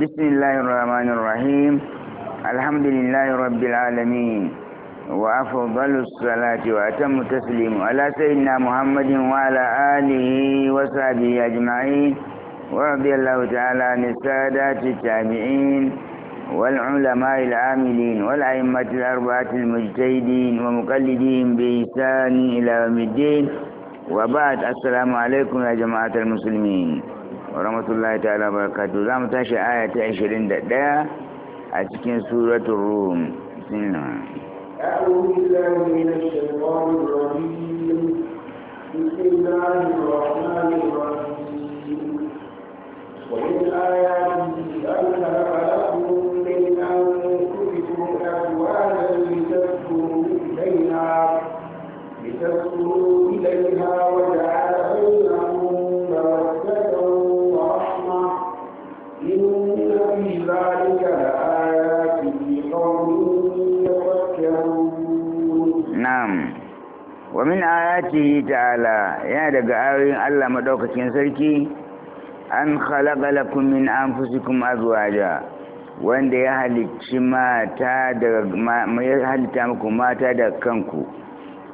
بسم الله الرحمن الرحيم الحمد لله رب العالمين وأفضل الصلاة وأتم التسليم على سيدنا محمد وعلى آله وصحبه أجمعين ورضي الله تعالى عن السادات التابعين والعلماء العاملين والأئمة الأربعة المجتهدين ومقلدين بإحسان إلى يوم الدين وبعد السلام عليكم يا جماعة المسلمين rahmatullahi ta'ala barakatu za mu tashi aya ta 21 a cikin suratul rum bismillah أعوذ بالله من الشيطان الرجيم بسم الله الرحمن الرحيم daga ayoyin Allah maɗaukacin sarki an khalaqa lakum min anfusikum azwaja wanda ya halicci mata daga ya halitta muku mata da kanku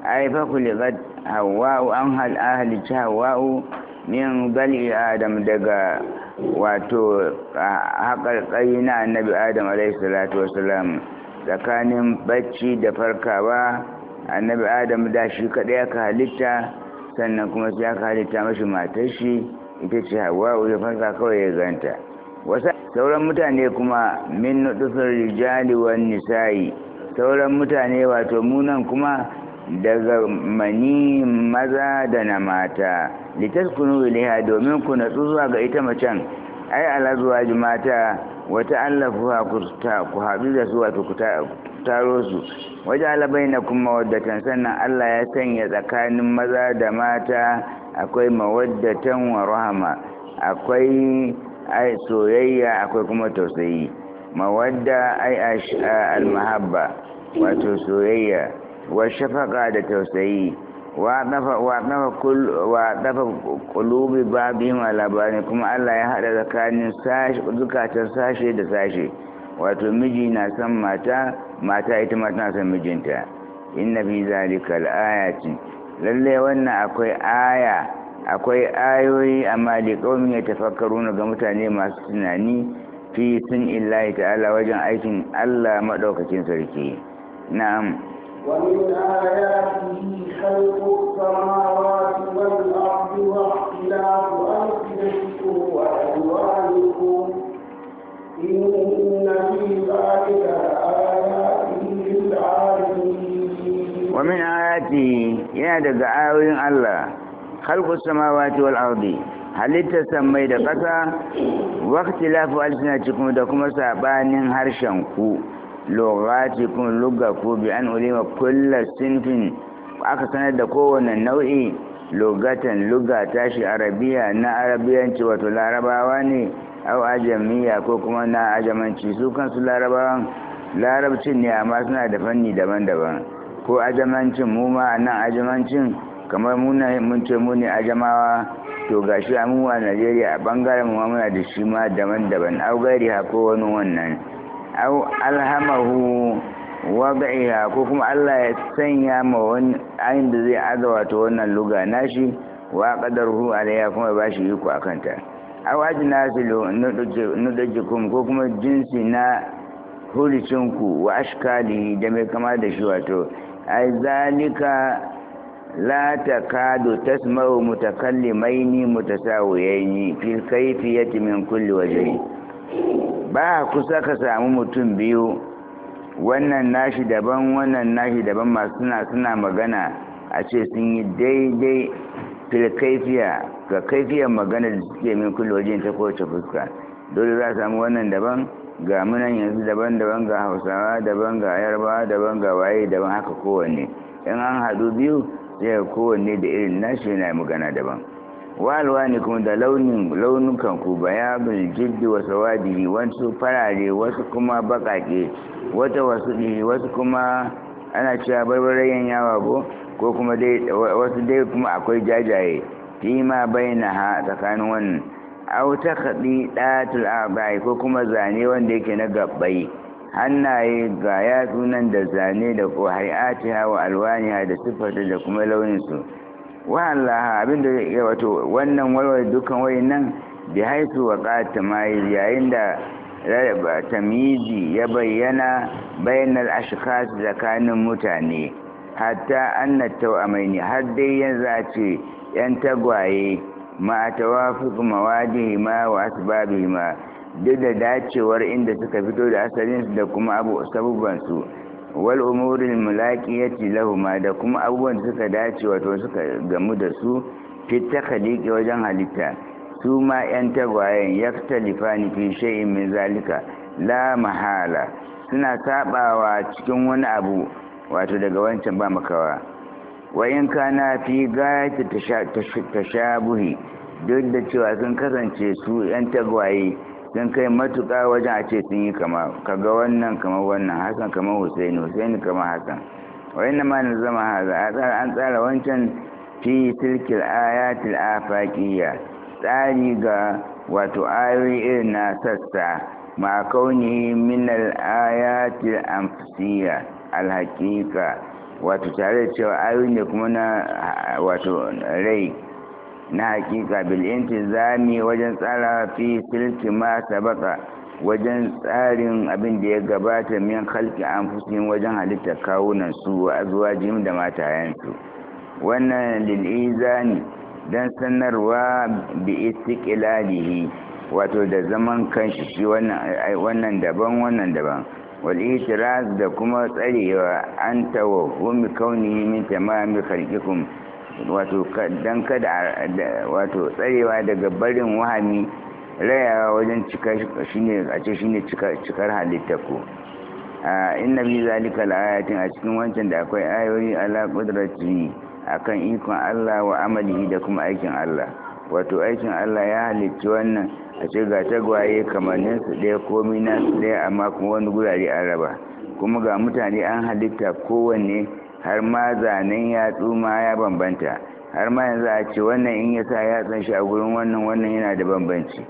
ai fa kuligat hawa'u an hal halicci hawa'u min bali adam daga wato haƙarƙari na annabi adam alaihi salatu wasalam tsakanin bacci da farkawa annabi adam da shi kaɗai aka halitta sannan kuma sai aka halitta mashi matar shi ita ce hawa ya fansa kawai ya ganta wasa sauran mutane kuma min nutsun rijali wan nisa'i sauran mutane wato munan kuma daga mani maza da na mata litaskunu ilaiha domin ku natsu zuwa ga ita macen ai alazuwa ji mata wata allafuwa ku haɗu da su wato ku taro su waje alabai na kuma mawaddatan sannan Allah ya sanya tsakanin maza da mata akwai mawaddatan wa rahama akwai ai soyayya akwai kuma tausayi mawadda ai almahabba wato soyayya wa shafaka da tausayi wa dafa kulubi babin labari kuma Allah ya haɗa tsakanin zukatan sashe da sashe wato miji na san mata mata ita ma tana son mijinta inna fi zalika al lalle wannan akwai aya akwai ayoyi a mali kaumin ya ga mutane masu tunani fi sun illahi ta'ala wajen aikin Allah madaukakin sarki na'am ومن ومن آياته يا da الله خلق السماوات والأرض halittar sammai da ƙasa wakti lafi alisinatikun da kuma saɓanin harshenku logatikun lugaku bi an ulima kulla sinfin aka sanar da kowane nau'i logatan luga tashi arabiya na arabiyanci wato larabawa ne au ajamiya ko kuma na ajamanci su kansu larabawan larabcin ne amma suna da fanni daban-daban ko ajamancin mu ma nan ajamancin kamar muna mun ce mu ne ajamawa to gashi a mu a Najeriya a bangaren mu muna da shi ma daban-daban au gari ha ko wani wannan au alhamahu wada'iha ko kuma Allah ya sanya ma wani ayin da zai azawa ta wannan luga nashi wa hu alayya kuma ba shi iko akanta awaji na filo nudajikum ko kuma jinsi na hulicinku wa ashkali da mai kama da shi wato a zalika la ni mutasawo ya yi filkai fiye min kulli waje ba kusa ka samu mutum biyu wannan nashi daban wannan nashi daban masu suna suna magana a ce sun yi daidai filkaifiya ga kai maganar da suke min kullojin ta kowace fuska dole za samu wannan daban ga munan yanzu daban-daban ga hausawa daban ga yarba daban ga waye daban haka kowanne in an haɗu biyu sai kowanne da irin nashi yana magana daban walwa ne kuma da launin launukan ku bayabul jiddi wasu sawadihi wasu farare wasu kuma baƙaƙe wata wasu ɗiri wasu kuma ana cewa barbarayen yawa ko kuma dai wasu dai kuma akwai jajaye fi ma bainaha tsakanin wannan aw takhdi datul a'bai ko kuma zane wanda yake na gabbai hannaye ga yatsu nan da zane da ko hay'atiha wa alwaniha da siffarta da kuma launin su wa Allah abinda ya wato wannan walwal dukan wayannan bi haitu wa qata yayin da tamizi ya bayyana bainal ashkhas tsakanin mutane hatta anna tawamaini har dai yanzu a ce yan tagwaye ma mawadihi ma wa ma duk da dacewar inda suka fito da su da kuma abu su wal umuri mulaqiyati lahuma da kuma abubuwan da suka dace wato suka gamu da su fi takhliqi wajen halitta su ma yan tagwayen yaktalifani fi shay'in min zalika la mahala suna sabawa cikin wani abu wato daga wancan ba makawa wayan kana fi gayati tashabuhi duk da cewa sun kasance su yan tagwaye sun kai matuƙa wajen a ce sun yi kama kaga wannan kama wannan hasan kama husaini husaini kama hasan wayan ma na zama haza an tsara wancan fi tilkil ayatil afaqiyya tsari ga wato ayoyi irin na sassa ma kauni min al ayatil anfusiyya alhaƙiƙa wato tare da cewa ayoyi ne kuma na wato rai na haƙiƙa bil'inci zami wajen tsara fi silki ma sabaka wajen tsarin abin da ya gabata min halki an fusin wajen halitta kawunan su a zuwa jim da su wannan lil'izani don sanarwa bi istiqlalihi wato da zaman kanshi shi wannan daban wannan daban walitiras da kuma tsarewa an gumi kauni min tamami khalqikum wato dan kada wato tsarewa daga barin wahami rayawa wajen cika shine a ce shine cikar ko inna bi zalika laayatin a cikin wancan da akwai ayoyi ala qudratihi akan ikon Allah wa amalihi da kuma aikin Allah wato aikin Allah ya halicci wannan a ce ga tagwaye kamannin su ɗaya komi na su ɗaya amma kuma wani gurare an raba kuma ga mutane an halitta kowanne har ma zanen yatsu ma ya bambanta har ma yanzu a ce wannan in ya sa ya shi a gurin wannan wannan yana da bambanci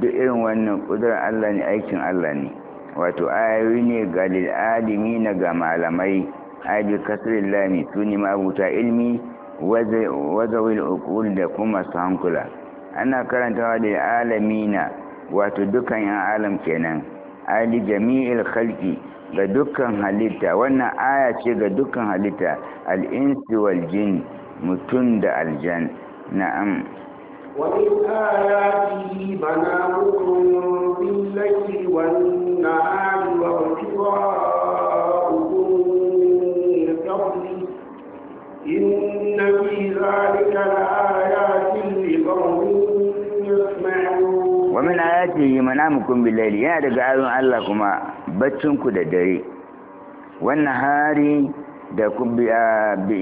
duk irin wannan ƙudurar Allah ne aikin Allah ne wato ayoyi ne ga lil'alimi na ga malamai abi kasrin lami su ne mabuta ilmi wazawi uqul da kuma su hankula ana karantawa da alamina wato dukkan yan alam kenan ali jami'il khalqi ga dukkan halitta wannan aya ce ga dukkan halitta al-insi wal da aljan na'am wa manamukum billahi yana daga ayoyin Allah kuma ku da dare wannan hari da ku bi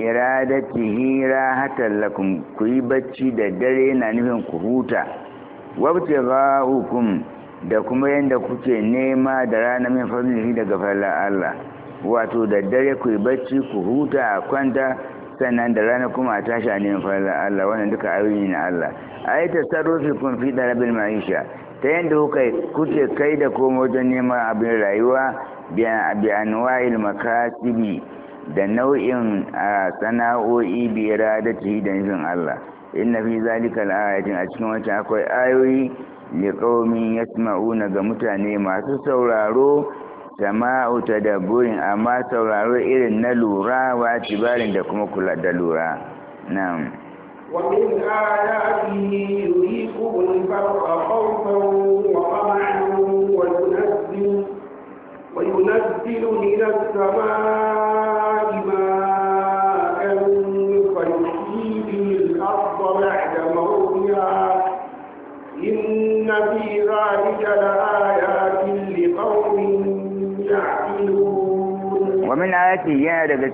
hira rahatan lakum ku yi bacci da dare na nufin ku huta wabtigha'ukum da kuma yanda kuke nema da rana min fadlihi daga fadlan Allah wato da dare ku yi bacci ku huta a kwanta sannan da rana kuma a tashi a neman fadlan Allah wannan duka ayoyi na Allah ayata sarrufi kun fi darabil ma'isha ta yadda kuka kuke kai da komo wajen neman abin rayuwa bi anwa'il makasibi da nau'in sana'o'i ta yi da nufin Allah inna fi zalika ayatin a cikin wancan akwai ayoyi li qaumin yasma'una ga mutane masu sauraro da burin amma sauraro irin na lura wa tibarin da kuma kula da lura na'am ومن آياته يريكم البرق خوفا وطمعا وينزل وينزل من السماء ماء فيحيي به الأرض بعد موتها إن في ذلك لآيات لقوم يعقلون ومن آياته يا رب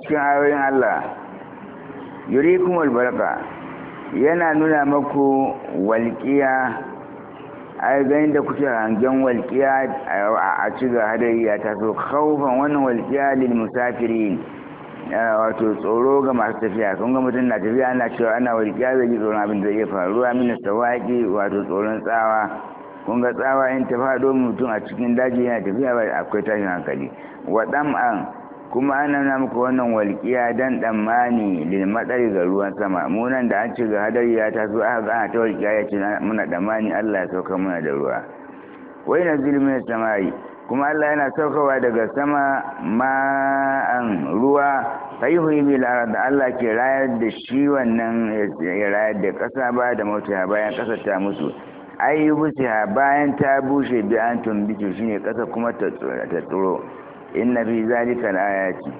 الله يريكم البركة yana nuna maku walƙiya a ganin da kuke hangen walƙiya a ciga hadari ya taso kaufan wannan walƙiya lil musafiri eh, wato tsoro ga masu tafiya sun ga mutum na tafiya ana cewa ana walƙiya zai ji tsoron abin da zai faruwa mini tsawaki wato tsoron tsawa kun ga tsawa in ta faɗo mutum a cikin daji yana tafiya ba akwai tashin hankali wa ɗan'an. kuma an na muku wannan walƙiya dan tsammani lil matsari ga ruwan sama munan da an ci ga hadari ya taso aka ga ta walƙiya ya ce muna tsammani Allah ya sauka muna da ruwa wai na zilmin samari kuma Allah yana saukawa daga sama ma'an ruwa faihuyi bil da Allah ke rayar da shi wannan ya rayar da ƙasa ba da mota bayan ƙasa ta ayyubu ta bayan ta bushe bi an tumbice shine ƙasa kuma ta tsoro inna fi zalika al-ayati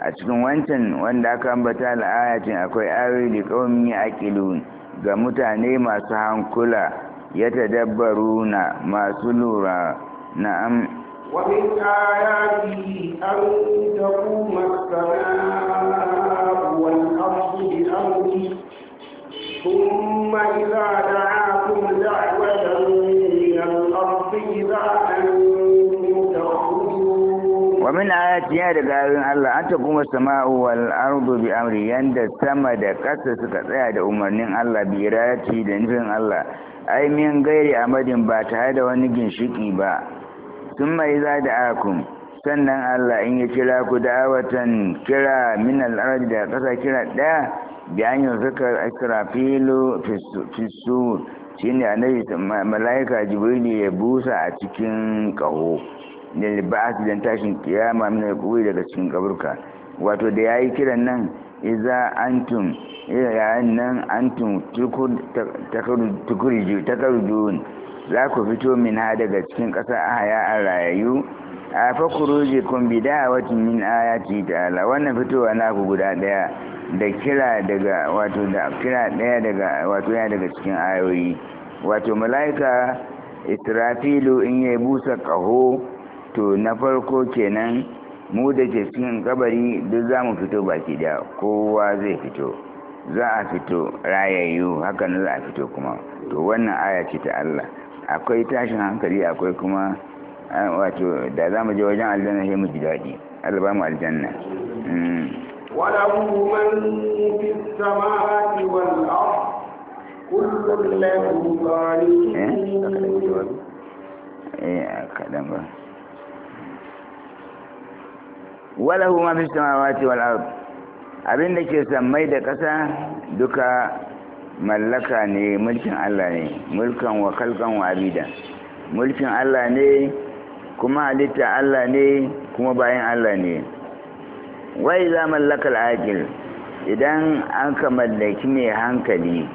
a cikin wancan wanda aka ambata al-ayatin akwai ayoyi da qaumi yaqilun ga mutane masu hankula yatadabbaruna masu lura na'am ومن آياته أن تقوم السماء والأرض بأمره ثم إذا دعاكم دعوة من الأرض إذا أنتم wa min ayati ya daga ayoyin Allah an ta kuma sama'u wal ardu bi amri yanda sama da ƙasa suka tsaya da umarnin Allah bi irati da nufin Allah ai min gairi amadin ba tare da wani ginshiki ba sun mai za da akum sannan Allah in ya kira ku da'awatan kira min al ardi da ƙasa kira ɗaya bi an yi zakar akrafilu fisur shine annabi mala'ika jibril ya busa a cikin ƙaho lil ba'ath dan tashin kiyama min al-qubur daga cikin kaburka wato da yayi kiran nan iza antum yayin nan antum takarujun za ku fito min ha daga cikin ƙasa a haya a rayayu a fakuruji kun bi da'awatin min ci ta'ala wannan fitowa na ku guda daya da kira daga wato da kira daga wato ya daga cikin ayoyi wato mala'ika israfilu in yi busa ƙaho to na farko kenan mu da ke cikin kabari duk za mu fito baki da kowa zai fito za a fito rayayyu hakan za a fito kuma to wannan aya ce ta Allah akwai tashin hankali akwai kuma wato da za mu je wajen aljanna sai mu ji daɗi Allah ba mu aljanna وله من في السماوات والأرض كل له قانتين إيه أكدم Wala huma fi samawati wal ard abin ke sammai da kasa duka mallaka ne mulkin Allah ne mulkan wa kalkan wa abida mulkin Allah ne kuma halitta Allah ne kuma bayan Allah ne wai za mallaka al'aqil idan an ka mallaki mai hankali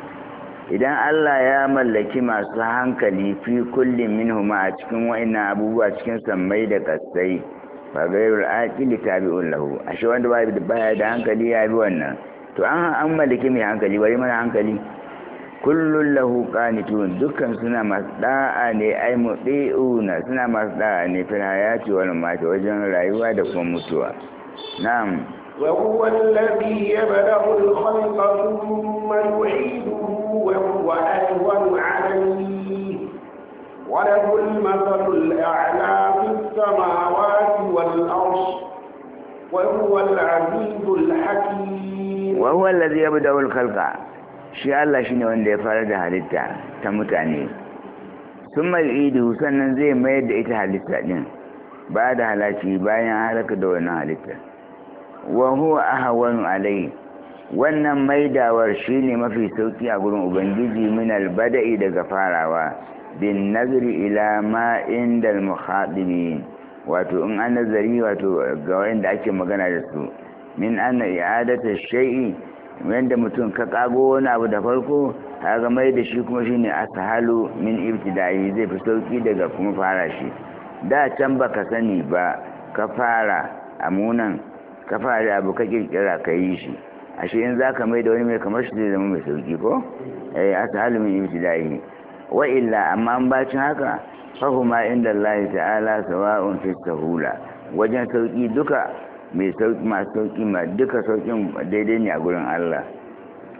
idan Allah ya mallaki masu hankali fi kullum minhuma a cikin wa'ina abubuwa cikin sammai da kasai ba gairul aqili tabi'un lahu ashe wanda ba baya da hankali ya bi wannan to an an maliki mai hankali bari mana hankali kullun lahu qanitun dukkan suna masu da'a ne ai muti'una suna masu da'a ne fil hayati wal mamati wajen rayuwa da kuma mutuwa na'am وهو الذي يبدأ الخلق ثم يعيده وهو أهون عليه وله المثل الأعلى في السماوات والأرض وهو العزيز الحكيم وهو الذي يبدأ الخلق شاء الله شنو وين يفرد هالتا تمتاني ثم العيد sannan zai mayar da ita halitta ɗin, ba da halaci bayan halaka da wannan halitta wa alai wannan maidawar shine mafi sauki a gurin ubangiji min albada'i daga farawa bin nazari ila ma inda muhadirin wato in an nazari wato ga wanda ake magana da su min anna i'adatu shay'i wanda mutum ka kago wani abu da farko ga mai da shi kuma shine asahalu min ibtida'i zai fi sauki daga kuma fara shi da can baka sani ba ka fara amunan ka fara abu ka kirkira ka yi shi ashe in zaka mai da wani mai kamar shi zai zama mai sauki ko eh asahalu min ibtida'i wa illa amma an bacin haka fahuma inda Allah ta'ala sawa'un fi sahula wajen sauki duka mai sauki ma sauki ma duka saukin daidai ne a gurin Allah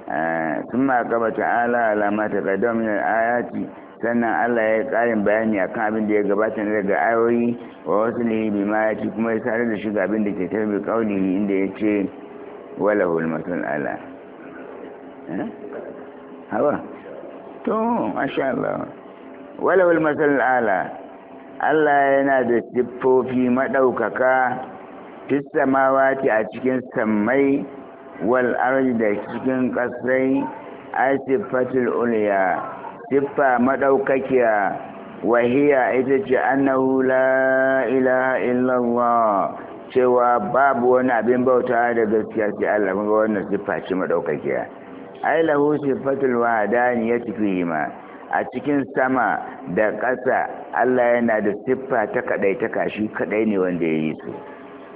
eh, sun ma gaba ta'ala alama ta min ayati sannan Allah ya karin bayani akan abin da ya gabata na daga ayoyi wa wasu ne bi ma ya kuma ya sare da shi ga abin da ke tarbi kauli inda ya ce walahul masul ala eh? hawa to masha Allah walawul masal ala Allah yana da siffofi madaukaka fis samawati a cikin sammai wal ardi da cikin kasai a siffatul ulya siffa madaukakiya wahiya ita ce annahu la ilaha illallah cewa babu wani abin bauta da gaskiya sai Allah kuma wannan siffa ce madaukakiya ai lahu sifatul wahdaniyati fihima a cikin sama da ƙasa Allah yana da siffa ta kadai ta kashi kadai ne wanda ya yi su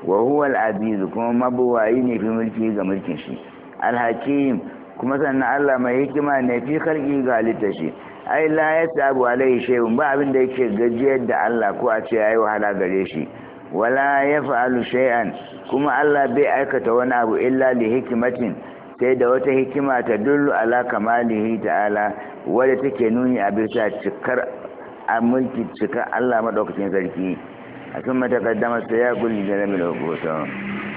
wa huwa al-aziz kuma mabuwayi ne fi mulki ga mulkin shi al-hakim kuma sannan Allah mai hikima ne fi kalki ga halitta shi ai la yasabu alaihi shay'un ba abin da yake gajiyar da Allah ko a ce yayi wahala gare shi wala yaf'alu shay'an kuma Allah bai aikata wani abu illa li hikmatin sai da wata hikima ta dullu ala kamalihi ta'ala wadda take nuni a bisa cikar a mulki cikar Allah madaukakin sarki a sun matakaddama da lijiyar da hukuta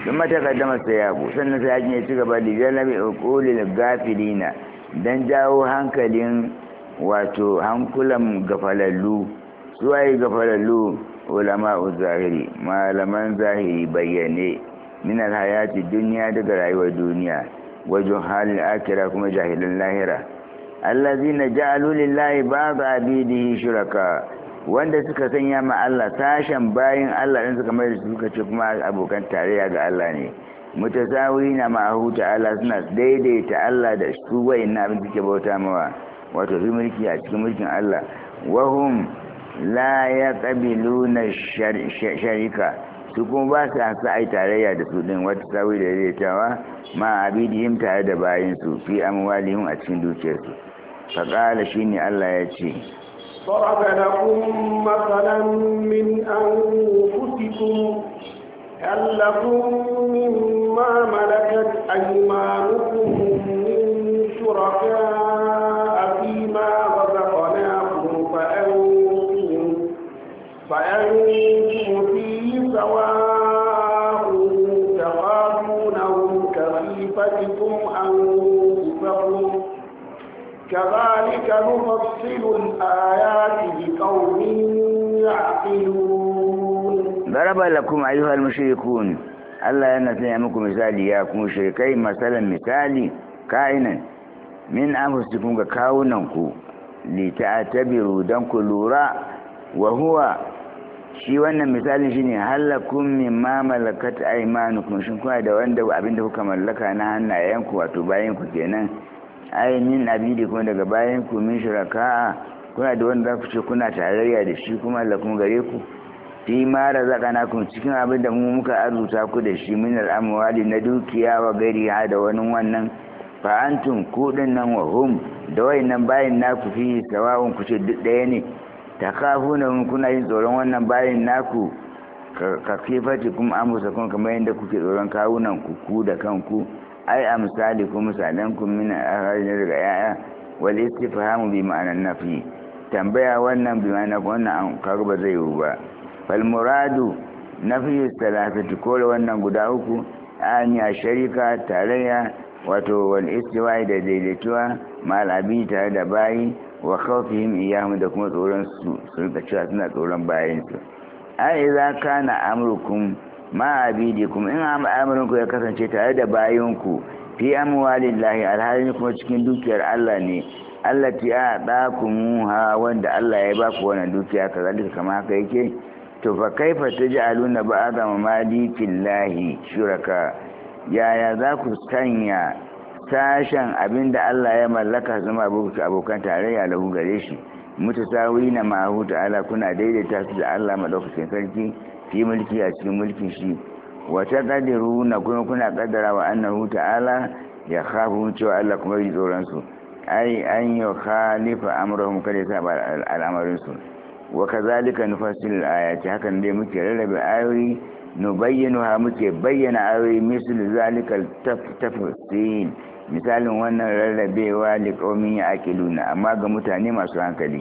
sun matakaddama sayaku sannan sai hajji ya ci gaba da hukuli da gafilina don jawo hankalin wato hankulan gafalallu suwaye gafalallu ulama zahiri malaman zahiri bayyane min alhayati duniya daga rayuwar duniya wajen halin akira kuma jahilin lahira allazi na ja'alu lillahi da abidihi shuraka wanda suka sanya ma Allah tashan bayin Allah din suka mai suka ce kuma abokan tarayya ga Allah ne mutasawina ma'ahu Allah suna daidaita Allah da su na abin ke bauta mawa wato su mulki a cikin mulkin Allah wahum la yaqbiluna sharika su kuma ba su hasa ai tarayya da su din wata sawi da yare cewa ma abidihim tare da bayin su fi amwalihim a cikin dukiyarsu fa qala shine Allah ya ce Sarafa na masalan min anfusikum yallakum mimma malakat aymanukum min shuraka كذلك نُفَصِّلُ الْآيَاتِ لِقَوْمٍ يَعْقِلُونَ ضرب لكم أيها المشركون Allah yana sanya muku misali ya kuma shirkai matsalan misali ka'inan min anfusikum ga kawunan ku li ku shi wannan misalin shi shine halakun mimma malakat aimanukun shi kuna da wanda abinda kuka mallaka na hannayenku wato bayan ku kenan ainihin abidi kuma daga bayan ku min shuraka kuna da wanda ku ce kuna tarayya da shi kuma lakum gare ku fi ma razaqnakum cikin abin da mu muka arzuta ku da shi min al'amwali na dukiya wa gari ha da wani wannan fa antum ku nan wa hum da wayannan bayin naku fi sawa'un ku ce duk daya ne takafuna mun kuna yin tsoron wannan bayin naku ka kifati kuma amusa kun kamar yadda kuke tsoron kawunan ku ku da kanku ai amsali ku misalan ku min akhrajna daga yaya wal istifhamu bi ma'anan nafi tambaya wannan bi ma'ana wannan an karba zai yiwu ba fal muradu nafi salafati ko wannan guda uku an ya sharika tarayya wato wal istiwai da daidaituwa mal abi tare da bayi wa khawfihim iyahum da kuma tsoron su sun rika cewa suna tsoron bayan su ai idza kana amrukum ma abidikum in al'amarin ku ya kasance tare da bayanku fi lahi, alhalin kuma cikin dukiyar Allah ne Allah ti a hawa wanda Allah ya baku wannan dukiya ka zalika kama haka yake to fa kaifa taj'aluna ba'da lahi, shuraka yaya za ku sanya sashen abinda Allah ya mallaka zama abokan tarayya lahu gare shi na na hu ta'ala kuna daidaita su da Allah madaukakin sarki fi mulki a cikin mulki shi wata kadiru na kuma kuna kaddara wa annahu ta'ala ya khafu cewa Allah kuma yi tsoron su ai an yi khalifa amrahum kada ta ba al'amarin su wa kazalika nufassil ayati hakan dai muke rarrabe ayoyi bayyana ha muke bayyana ayoyi misal zalika tafasin misalin wannan rarrabewa liqaumin yaqiluna amma ga mutane masu hankali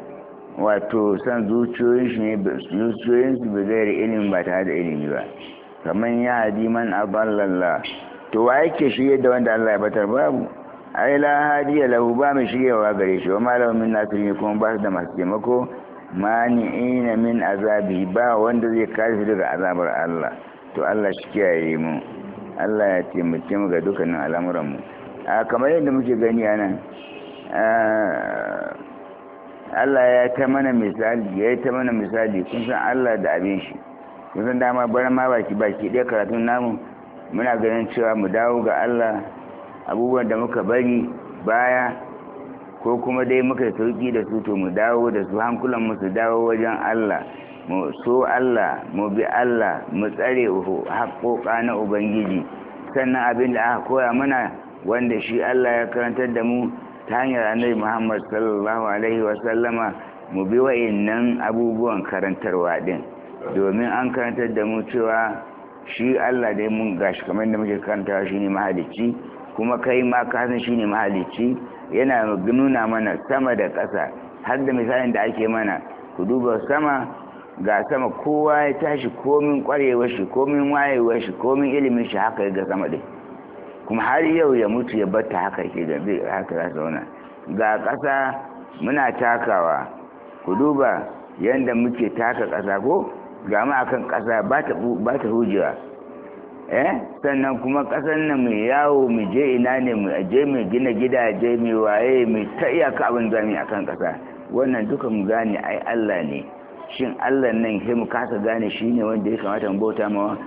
wato san zuciyoyinsu bai zai ilimin ba tare da ilimi ba kamar ya hadi man aballalla to wa yake shirye da wanda Allah ya batar babu ai la ya lahu ba mai shiryewa gare shi wa malamin min tuni kuma ba su da masu taimako ina min azabi ba wanda zai kare su daga azabar Allah to Allah shi kiyaye mu Allah ya taimake mu ga dukkanin al'amuran mu a kamar yadda muke gani a nan. Allah ya ta mana misali ya ta mana misali kun san Allah da abin shi kun san dama bar ma baki baki ɗaya karatu namu muna ganin cewa mu dawo ga Allah abubuwan da muka bari baya ko kuma dai muka yi sauki da su to mu dawo da su hankulan mu su dawo wajen Allah mu so Allah mu bi Allah mu tsare haƙoƙa na Ubangiji sannan abin da aka koya mana wanda shi Allah ya karantar da mu ta hanyar annabi muhammad sallallahu alaihi wasallama mu bi wa'innan abubuwan karantarwa din domin an karantar da mu cewa shi allah dai mun gashi kamar da muke karantawa shi ne mahalicci kuma kai ma san shi ne mahalicci yana nuna mana sama da ƙasa har da misalin da ake mana ku duba sama ga sama kowa ya tashi komin kwarewar shi komin wayewar shi komin ilimin shi haka ya ga sama din kuma har yau ya mutu ya batta haka ke da zai haka za wana ga ƙasa muna takawa ku duba yadda muke taka kasa ko ga ma akan ƙasa ba ta hujewa eh sannan kuma ƙasar nan mai yawo mu je ina ne mu aje mu gina gidaje mu waye mu ta iyaka abin zami akan kasa wannan duka mu gane ai Allah ne shin Allah nan sai mu kasa gane shine wanda ya kamata mu bauta mawa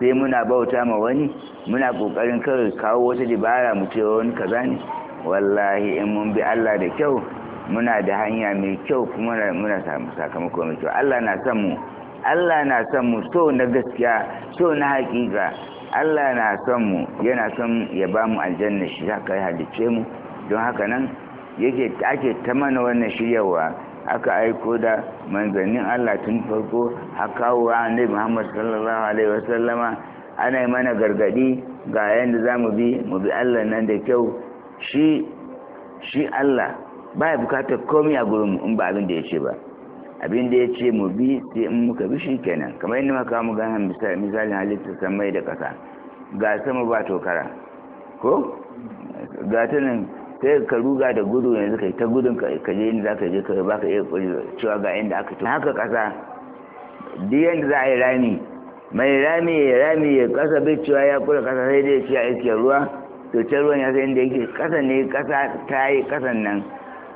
sai muna bauta ma wani muna kokarin kawai kawo wata dabara mu ce wani kaza ne wallahi in mun bi Allah da kyau muna da hanya mai kyau kuma muna samu sakamako mai kyau Allah na san mu Allah na san mu so na gaskiya so na hakika Allah na son mu yana son ya ba mu aljanna shi haka ya halicce mu don haka nan yake ake ta mana wannan shiryawa aka aiko da manzannin Allah tun farko a kawo annabi Muhammad sallallahu alaihi wasallama ana mana gargadi ga yadda za mu bi mu bi Allah nan da kyau shi shi Allah ba ya bukata komai a gurin in ba abin da ya ce ba abin da ya ce mu bi sai in muka bi shi kenan kamar yadda muka mu gana misalin halittar samai da ƙasa ga sama ba tokara ko ga ta nan sai ka ruga da gudu yanzu kai ta gudun ka je inda zaka je ka baka iya kuri cewa ga inda aka ci haka kasa duk yanda za a yi rami mai rami ya rami ya kasa bai cewa ya kura kasa sai dai ce a iskiyar ruwa to can ruwan ya sai inda yake kasa ne kasa ta yi kasan nan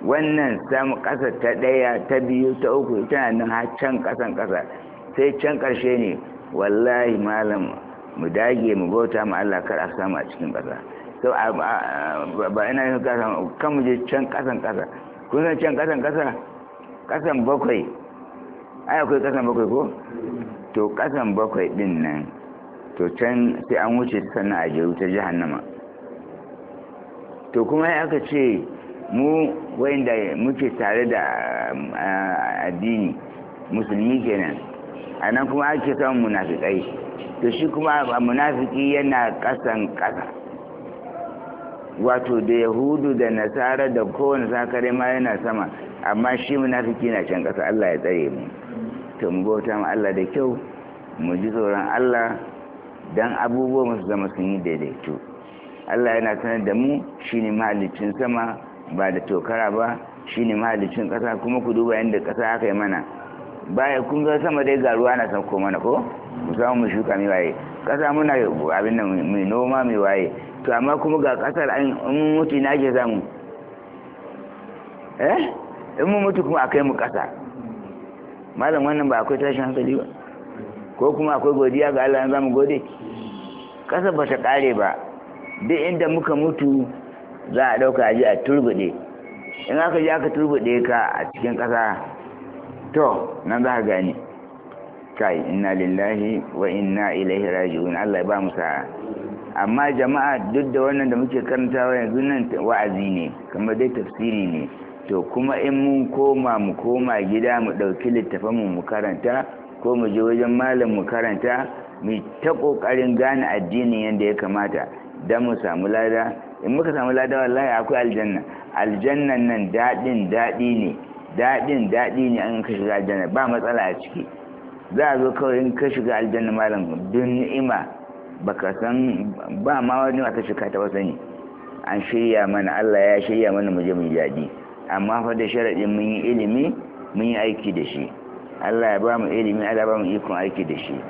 wannan samu kasa ta ɗaya ta biyu ta uku tana nan har can kasan kasa sai can ƙarshe ne wallahi malam mu dage mu bauta ma Allah kar a samu a cikin kasa to ba ina yin kasan kan je can kasan kasa kun san can kasan kasa kasan bakwai ai akwai kasan bakwai ko to kasan bakwai din nan to can sai an wuce sannan a je ta jahannama to kuma ya aka ce mu wayanda muke tare da addini musulmi kenan a nan kuma ake samun munafikai to shi kuma munafiki yana kasan kasa wato da yahudu da nasara da kowane sakare ma yana sama amma shi munafiki na can kasa. Allah ya tsare mu to mu bauta ma Allah da kyau mu ji tsoron Allah dan abubuwa musu zama sun yi daidaito Allah yana sanar da mu shine mahalicin sama ba da tokara ba shine mahalicin kasa kuma ku duba yadda ƙasa aka yi mana baya kun ga sama dai ga ruwa na sauko mana ko mu samu mu shuka mai waye ƙasa muna abin nan mai noma mai waye to amma kuma ga kasar an mutu na ke zamu eh in mu mutu kuma akai mu kasa malam wannan ba akwai tashin hankali ba ko kuma akwai godiya ga Allah zamu gode kasa ba ta kare ba duk inda muka mutu za a dauka aji a turbude in aka ji aka turbude ka a cikin kasa to nan za ka gane kai inna lillahi wa inna ilaihi raji'un Allah ya ba mu sa'a amma jama'a duk da wannan da muke karantawa yanzu nan wa'azi ne kamar dai tafsiri ne to kuma in mun koma mu koma gida mu ɗauki littafanmu mu karanta ko mu je wajen malam mu karanta mu ta ƙoƙarin gane addinin yadda ya kamata don mu samu lada in muka samu lada wallahi akwai aljanna aljannan nan daɗin daɗi ne daɗin daɗi ne an ka shiga aljanna ba matsala a ciki za a zo kawai in ka shiga aljanna malam duk ni'ima baka san ba ma wani wata shuka ta wasani an shirya mana Allah ya shirya mana mu je mu jadi amma fa da sharadin mun yi ilimi mun yi aiki da shi Allah ya ba mu ilimi Allah ba mu ikon aiki da shi